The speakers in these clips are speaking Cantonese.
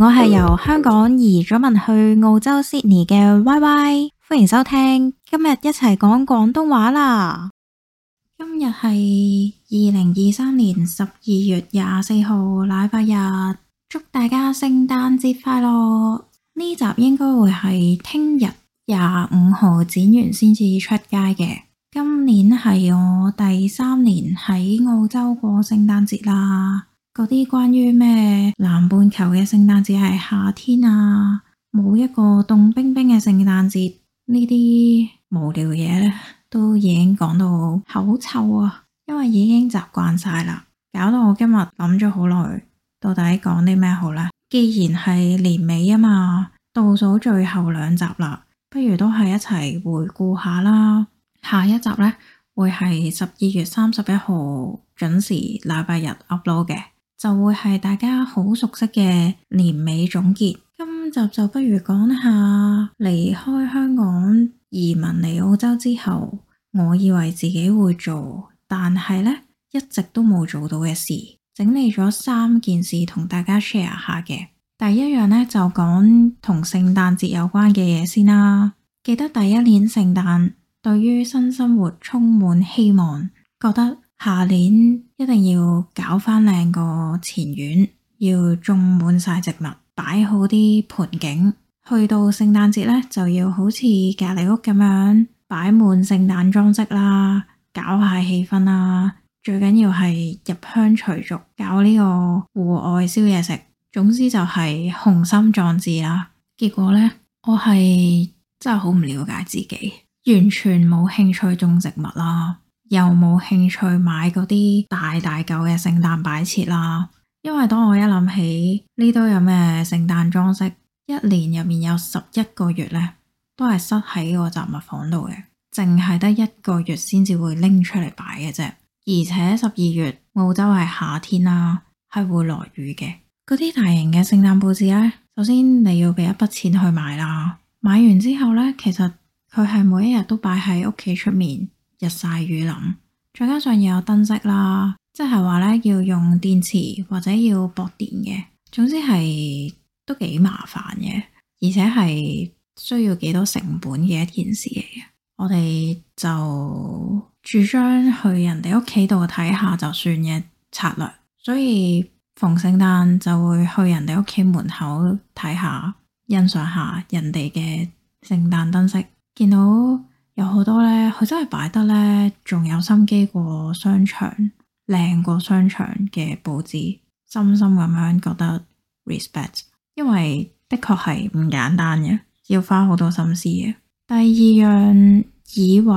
我係由香港移咗民去澳洲 Sydney 嘅 Y Y，歡迎收聽，今日一齊講廣東話啦。今日係二零二三年十二月廿四號，禮拜日，祝大家聖誕節快樂。呢集應該會係聽日廿五號剪完先至出街嘅。今年係我第三年喺澳洲過聖誕節啦。嗰啲關於咩南半球嘅聖誕節係夏天啊，冇一個凍冰冰嘅聖誕節呢啲無聊嘢咧，都已經講到口臭啊！因為已經習慣晒啦，搞到我今日諗咗好耐，到底講啲咩好咧？既然係年尾啊嘛，倒數最後兩集啦，不如都係一齊回顧下啦。下一集咧會係十二月三十一號準時禮拜日 upload 嘅。就會係大家好熟悉嘅年尾總結。今集就不如講下離開香港移民嚟澳洲之後，我以為自己會做，但係呢，一直都冇做到嘅事，整理咗三件事同大家 share 下嘅。第一樣呢，就講同聖誕節有關嘅嘢先啦。記得第一年聖誕，對於新生活充滿希望，覺得。下年一定要搞翻靚個前院，要種滿晒植物，擺好啲盆景。去到聖誕節咧，就要好似隔籬屋咁樣，擺滿聖誕裝飾啦，搞下氣氛啦。最緊要係入鄉隨俗，搞呢個戶外燒嘢食。總之就係雄心壯志啦。結果咧，我係真係好唔了解自己，完全冇興趣種植物啦。又冇興趣買嗰啲大大嚿嘅聖誕擺設啦，因為當我一諗起呢度有咩聖誕裝飾，一年入面有十一個月呢都係塞喺個雜物房度嘅，淨係得一個月先至會拎出嚟擺嘅啫。而且十二月澳洲係夏天啦，係會落雨嘅，嗰啲大型嘅聖誕布置呢，首先你要俾一筆錢去買啦，買完之後呢，其實佢係每一日都擺喺屋企出面。日曬雨淋，再加上又有燈飾啦，即係話咧要用電池或者要駁電嘅，總之係都幾麻煩嘅，而且係需要幾多成本嘅一件事嚟嘅。我哋就主張去人哋屋企度睇下就算嘅策略，所以逢聖誕就會去人哋屋企門口睇下，欣賞下人哋嘅聖誕燈飾，見到。有好多咧，佢真係擺得咧，仲有心機過商場，靚過商場嘅布置，深深咁樣覺得 respect。因為的確係唔簡單嘅，要花好多心思嘅。第二樣以為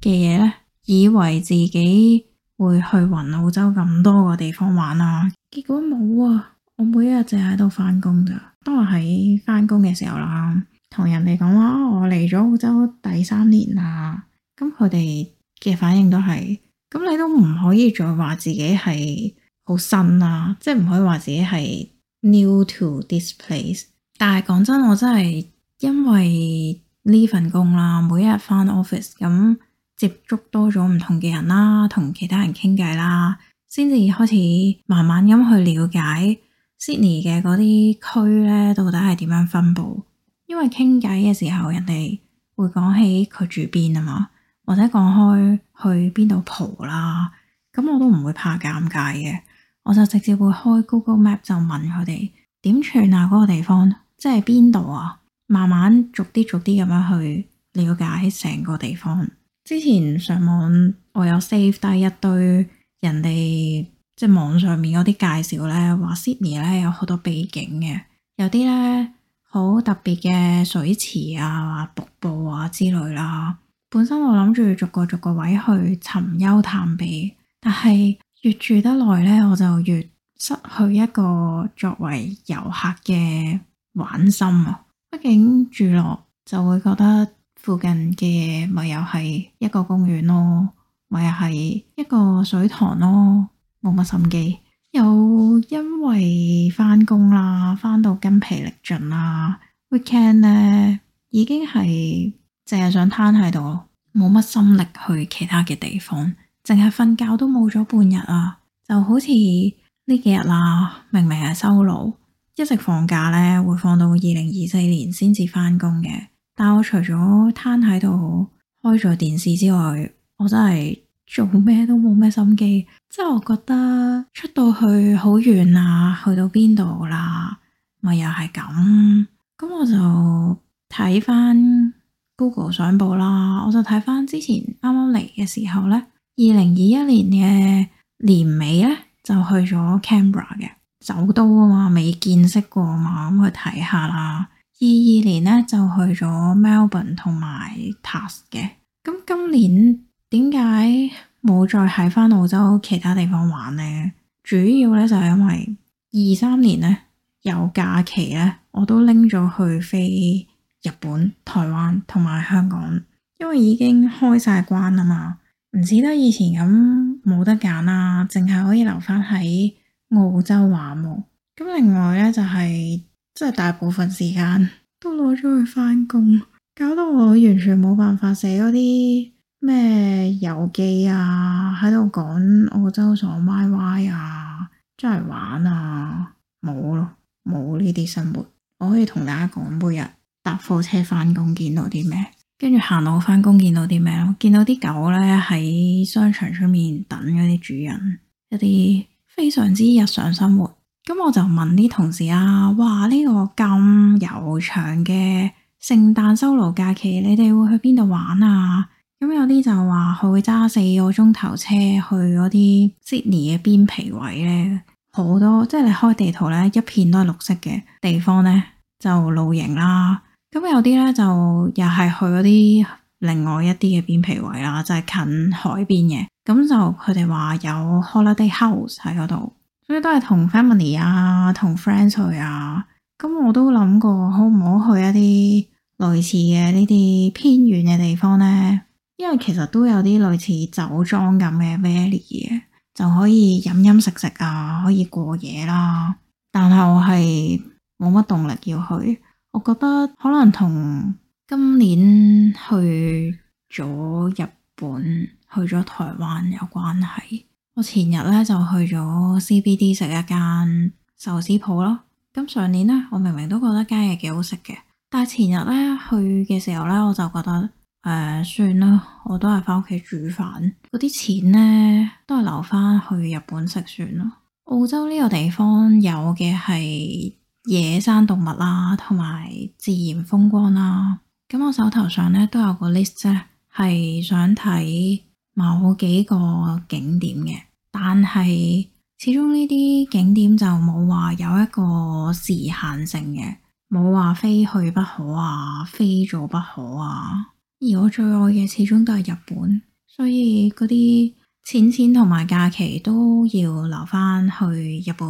嘅嘢咧，以為自己會去云澳洲咁多個地方玩啦，啊，結果冇啊！我每一日淨喺度返工咋。當我喺返工嘅時候啦。同人哋講啦，我嚟咗澳洲第三年啦，咁佢哋嘅反應都係，咁你都唔可以再話自己係好新啦、啊，即係唔可以話自己係 new to this place。但係講真，我真係因為呢份工啦，每一日翻 office，咁接觸多咗唔同嘅人啦，同其他人傾偈啦，先至開始慢慢咁去了解 Sydney 嘅嗰啲區咧，到底係點樣分布。因為傾偈嘅時候，人哋會講起佢住邊啊嘛，或者講開去邊度蒲啦，咁我都唔會怕尷尬嘅，我就直接會開 Google Map 就問佢哋點串啊嗰個地方，即係邊度啊，慢慢逐啲逐啲咁樣去了解成個地方。之前上網我有 save 低一堆人哋即係網上面嗰啲介紹咧，話 Sydney 咧有好多秘景嘅，有啲咧。好特別嘅水池啊、瀑布啊之類啦。本身我諗住逐個逐個位去尋幽探秘，但係越住得耐呢，我就越失去一個作為遊客嘅玩心啊。畢竟住落就會覺得附近嘅嘢咪又係一個公園咯，咪又係一個水塘咯，冇乜心機。有因為翻工啦，翻到筋疲力盡啦，weekend 咧已經係成日想攤喺度，冇乜心力去其他嘅地方，淨係瞓覺都冇咗半日啊！就好似呢幾日啦，明明係收樓，一直放假咧，會放到二零二四年先至翻工嘅。但我除咗攤喺度開咗電視之外，我真係～做咩都冇咩心機，即係我覺得出到去好遠呀，去到邊度啦，咪又係咁。咁我就睇翻 Google 相簿啦，我就睇翻之前啱啱嚟嘅時候呢，二零二一年嘅年尾呢，就去咗 Canberra 嘅首都啊嘛，未見識過嘛，咁去睇下啦。二二年呢，就去咗 Melbourne 同埋 Tas 嘅，咁今年。點解冇再喺翻澳洲其他地方玩呢？主要咧就係因為二三年咧有假期咧，我都拎咗去飛日本、台灣同埋香港，因為已經開晒關啦嘛，唔似得以前咁冇得揀啦，淨係可以留翻喺澳洲玩。咁另外咧就係即係大部分時間都攞咗去翻工，搞到我完全冇辦法寫嗰啲。咩遊記啊，喺度講澳洲爽歪歪啊，出嚟玩啊，冇咯，冇呢啲生活。我可以同大家講，每日搭貨車翻工見到啲咩，跟住行路翻工見到啲咩咯，見到啲狗咧喺商場出面等嗰啲主人，一啲非常之日常生活。咁我就問啲同事啊，哇，呢個咁悠長嘅聖誕收爐假期，你哋會去邊度玩啊？咁有啲就話佢會揸四個鐘頭車去嗰啲 Sydney 嘅邊皮位咧，好多即係你開地圖咧，一片都係綠色嘅地方咧，就露營啦。咁有啲咧就又係去嗰啲另外一啲嘅邊皮位啦，就係近海邊嘅。咁就佢哋話有 holiday house 喺嗰度，所以都係同 family 啊，同 friend 去啊。咁我都諗過，好唔好去一啲類似嘅呢啲偏遠嘅地方咧？因為其實都有啲類似酒莊咁嘅 very 嘢，就可以飲飲飲食食啊，可以過夜啦。但係我係冇乜動力要去。我覺得可能同今年去咗日本、去咗台灣有關係。我前日咧就去咗 CBD 食一間壽司鋪囉。咁上年咧，我明明都覺得間嘢幾好食嘅，但係前日咧去嘅時候咧，我就覺得。誒、嗯，算啦，我都係翻屋企煮飯，嗰啲錢呢，都係留翻去日本食算咯。澳洲呢個地方有嘅係野生動物啦，同埋自然風光啦。咁我手頭上咧都有個 list 咧，係想睇某幾個景點嘅，但係始終呢啲景點就冇話有一個時限性嘅，冇話非去不可啊，非做不可啊。而我最愛嘅始終都係日本，所以嗰啲錢錢同埋假期都要留翻去日本。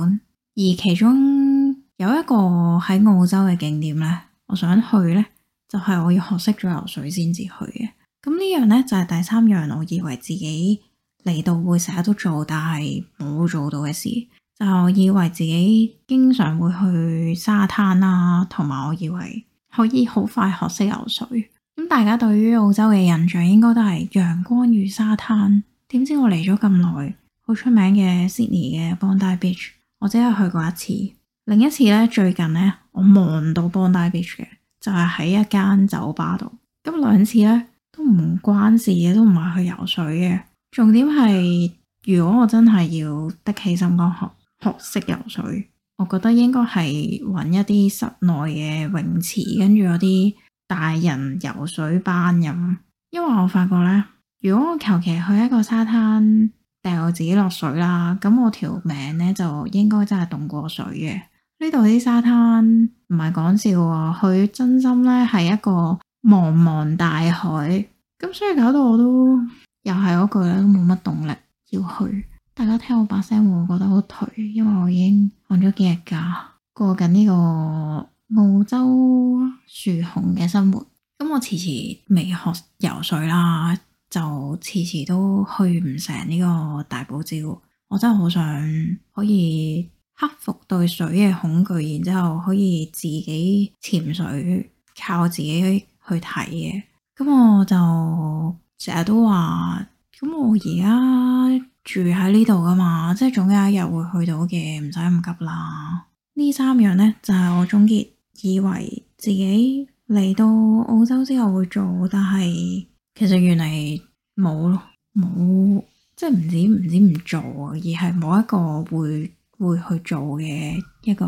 而其中有一個喺澳洲嘅景點呢，我想去呢，就係我要學識咗游水先至去嘅。咁呢樣呢，就係第三樣，我以為自己嚟到會成日都做，但係冇做到嘅事。就係我以為自己經常會去沙灘啦，同埋我以為可以好快學識游水。咁大家對於澳洲嘅印象應該都係陽光與沙灘，點知我嚟咗咁耐，好出名嘅 Sydney 嘅 Bondi Beach，我只係去過一次。另一次呢，最近呢，我望到 Bondi Beach 嘅，就係喺一間酒吧度。咁兩次呢，都唔關事嘅，都唔係去游水嘅。重點係，如果我真係要得起心肝學學識游水，我覺得應該係揾一啲室內嘅泳池，跟住嗰啲。大人游水班，咁。因為我發覺呢，如果我求其去一個沙灘掉自己落水啦，咁我條命呢，就應該真係凍過水嘅。呢度啲沙灘唔係講笑喎，佢真心呢係一個茫茫大海，咁所以搞到我都又係嗰句咧，都冇乜動力要去。大家聽我把聲會唔會，我覺得好頹，因為我已經放咗幾日假，過緊呢、這個。澳洲樹熊嘅生活，咁我遲遲未學游水啦，就遲遲都去唔成呢個大堡礁。我真係好想可以克服對水嘅恐懼，然之後可以自己潛水，靠自己去睇嘅。咁我就成日都話，咁我而家住喺呢度噶嘛，即係總有一日會去到嘅，唔使咁急啦。呢三樣呢，就係我總結。以為自己嚟到澳洲之後會做，但係其實原嚟冇咯，冇即係唔止唔止唔做啊，而係冇一個會會去做嘅一個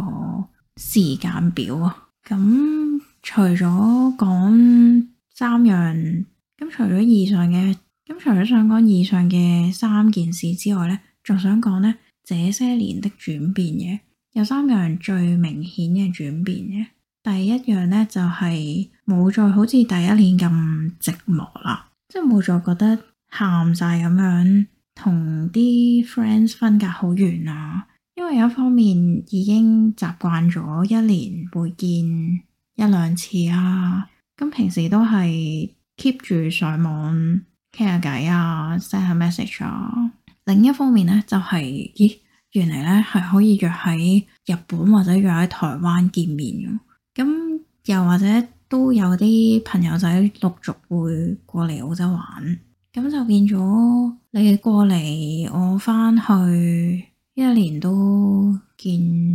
時間表啊。咁除咗講三樣，咁除咗以上嘅，咁除咗想講以上嘅三件事之外呢，仲想講呢：這些年的轉變嘅，有三樣最明顯嘅轉變嘅。第一樣咧就係冇再好似第一年咁寂寞啦，即係冇再覺得喊晒咁樣，同啲 friends 分隔好遠啊。因為有一方面已經習慣咗一年會見一兩次啊，咁平時都係 keep 住上網傾下偈啊，send 下 message 啊。另一方面咧就係，咦，原嚟咧係可以約喺日本或者約喺台灣見面嘅。咁又或者都有啲朋友仔陸續會過嚟澳洲玩，咁就變咗你哋過嚟，我翻去一年都見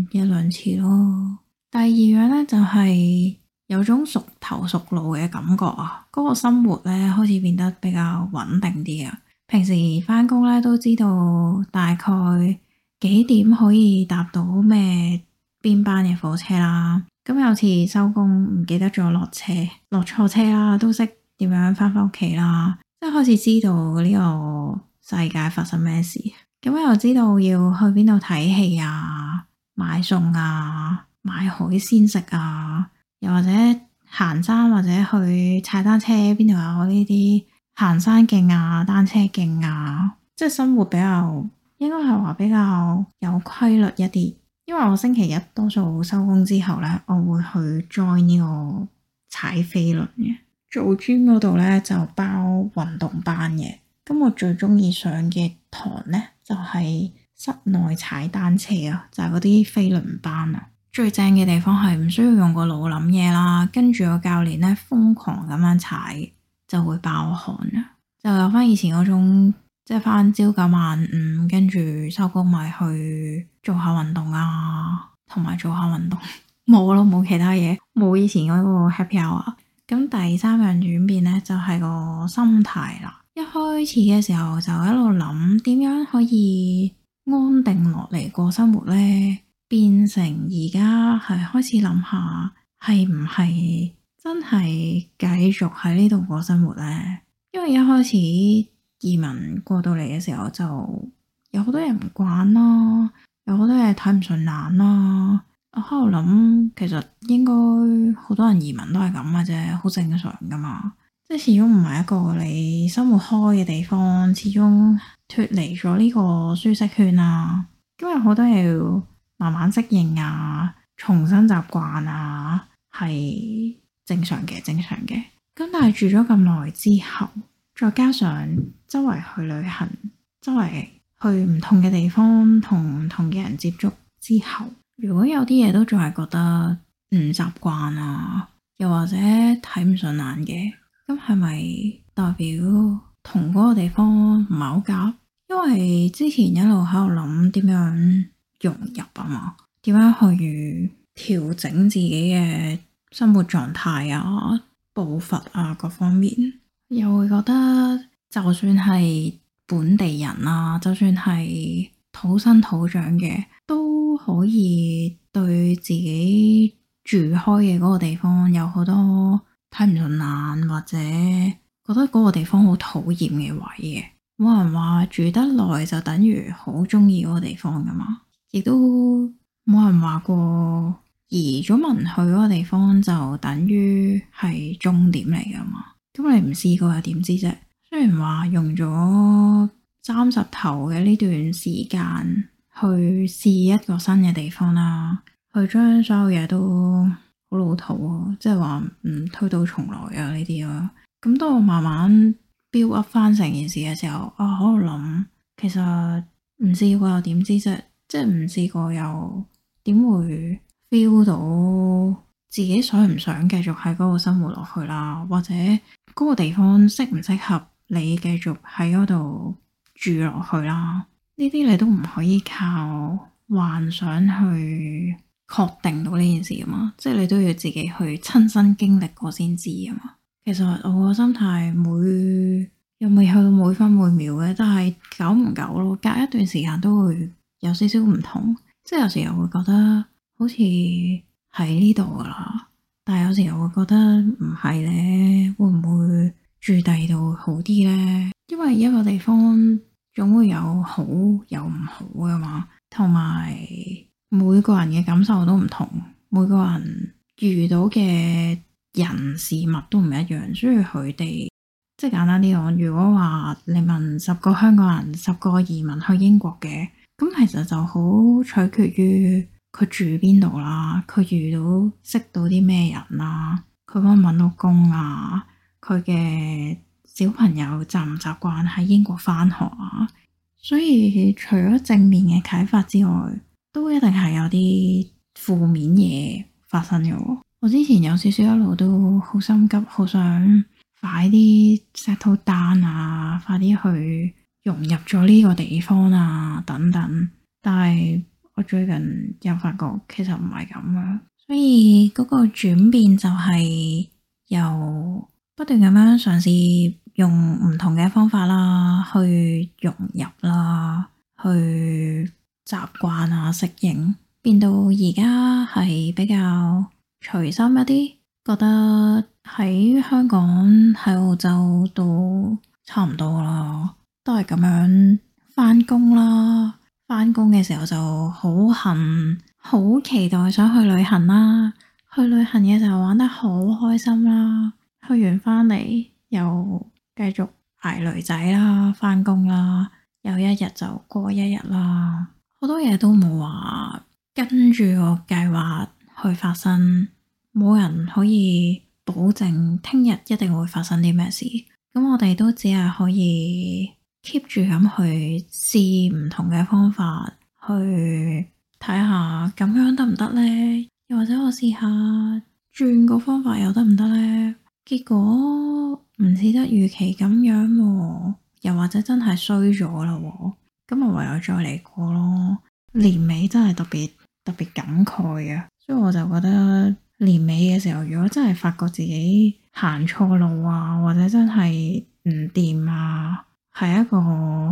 一兩次咯。第二樣呢，就係有種熟頭熟路嘅感覺啊。嗰個生活呢，開始變得比較穩定啲啊。平時翻工呢，都知道大概幾點可以搭到咩邊班嘅火車啦。咁有次收工唔記得咗落車，落錯車啦，都識點樣翻翻屋企啦。即開始知道呢個世界發生咩事，咁又知道要去邊度睇戲啊，買餸啊，買海鮮食啊，又或者行山或者去踩單車，邊度有呢啲行山徑啊，單車徑啊，即係生活比較應該係話比較有規律一啲。因為我星期一多數收工之後呢，我會去 join 呢個踩飛輪嘅，做 gym 嗰度呢，就包運動班嘅。咁我最中意上嘅堂呢，就係室內踩單車啊，就係嗰啲飛輪班啊。最正嘅地方係唔需要用個腦諗嘢啦，跟住個教練呢，瘋狂咁樣踩就會爆汗啊，就有翻以前嗰種即係翻朝九晚五，跟住收工咪去。做下運動啊，同埋做下運動，冇 咯，冇其他嘢，冇以前嗰個 happy 啊。咁第三樣轉變呢，就係、是、個心態啦。一開始嘅時候就一路諗點樣可以安定落嚟過生活呢？變成而家係開始諗下係唔係真係繼續喺呢度過生活呢？因為一開始移民過到嚟嘅時候就有好多人唔慣咯。有好多嘢睇唔順眼啦、啊，我喺度諗其實應該好多人移民都係咁嘅啫，好正常噶嘛。即係始終唔係一個你生活開嘅地方，始終脱離咗呢個舒適圈啊。因為好多嘢要慢慢適應啊，重新習慣啊，係正常嘅，正常嘅。咁但係住咗咁耐之後，再加上周圍去旅行，周圍。去唔同嘅地方，同唔同嘅人接觸之後，如果有啲嘢都仲係覺得唔習慣啊，又或者睇唔順眼嘅，咁係咪代表同嗰個地方唔係好夾？因為之前一路喺度諗點樣融入啊嘛，點樣去調整自己嘅生活狀態啊、步伐啊各方面，又會覺得就算係本地人啦、啊，就算係土生土長嘅，都可以對自己住開嘅嗰個地方有好多睇唔順眼，或者覺得嗰個地方好討厭嘅位嘅。冇人話住得耐就等於好中意嗰個地方噶嘛，亦都冇人話過移咗民去嗰個地方就等於係終點嚟噶嘛。咁你唔試過又點知啫？雖然話用咗三十頭嘅呢段時間去試一個新嘅地方啦，去將所有嘢都好老土啊，即係話嗯推倒重來啊呢啲咯。咁、啊、當我慢慢 build up 翻成件事嘅時候，啊、我喺度諗，其實唔試過又點知啫？即係唔試過又點會 feel 到自己想唔想繼續喺嗰個生活落去啦，或者嗰個地方適唔適合？你繼續喺嗰度住落去啦，呢啲你都唔可以靠幻想去確定到呢件事啊嘛，即係你都要自己去親身經歷過先知啊嘛。其實我個心態每又未去到每分每秒嘅，但係久唔久囉，隔一段時間都會有少少唔同，即係有時候會覺得好似喺呢度㗎喇，但係有時候會覺得唔係咧，會唔會住第二度好啲呢，因為一個地方總會有好有唔好㗎嘛，同埋每個人嘅感受都唔同，每個人遇到嘅人事物都唔一樣，所以佢哋即係簡單啲講，如果話你問十個香港人、十個移民去英國嘅，咁其實就好取決於佢住邊度啦，佢遇到識到啲咩人啦，佢可唔可揾到工啊？佢嘅小朋友習唔習慣喺英國翻學啊，所以除咗正面嘅啟發之外，都一定係有啲負面嘢發生嘅。我之前有少少一路都好心急，好想快啲 settle down 啊，快啲去融入咗呢個地方啊，等等。 但係我最近又發覺其實唔係咁啊，所以嗰、嗰個轉變就係由，不斷咁樣嘗試用唔同嘅方法啦，去融入啦，去習慣啊，適應，變到而家係比較隨心一啲。覺得喺香港喺澳洲都差唔多啦，都係咁樣翻工啦，翻工嘅時候就好恨，好期待想去旅行啦，去旅行嘅時候玩得好開心啦。去完翻嚟又繼續挨女仔啦，翻工啦，又一日就過一日啦。好多嘢都冇話跟住個計劃去發生，冇人可以保證聽日一定會發生啲咩事。咁我哋都只係可以 keep 住咁去試唔同嘅方法，去睇下咁樣得唔得呢？又或者我試下轉個方法又得唔得呢？結果唔似得預期咁樣啊，又或者真係衰咗啦，咁咪唯有再嚟過咯。年尾真係特別特別感慨嘅啊，所以我就覺得年尾嘅時候，如果真係發覺自己行錯路啊，或者真係唔掂啊，係一個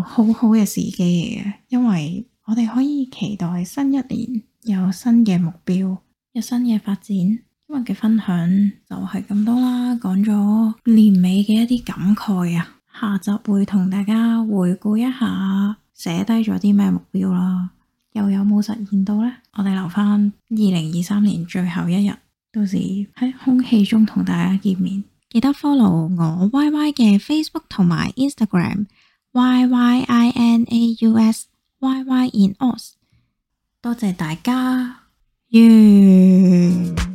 好好嘅時機嚟嘅，因為我哋可以期待新一年有新嘅目標，有新嘅發展。今日嘅分享就係咁多啦，講咗年尾嘅一啲感慨啊，下集會同大家回顧一下寫低咗啲咩目標啦，又有冇實現到呢？我哋留翻二零二三年最後一日，到時喺空氣中同大家見面，記得 follow 我 Y Y 嘅 Facebook 同埋 Instagram Y Y I N A U S Y Y In Aus, 多謝大家，完。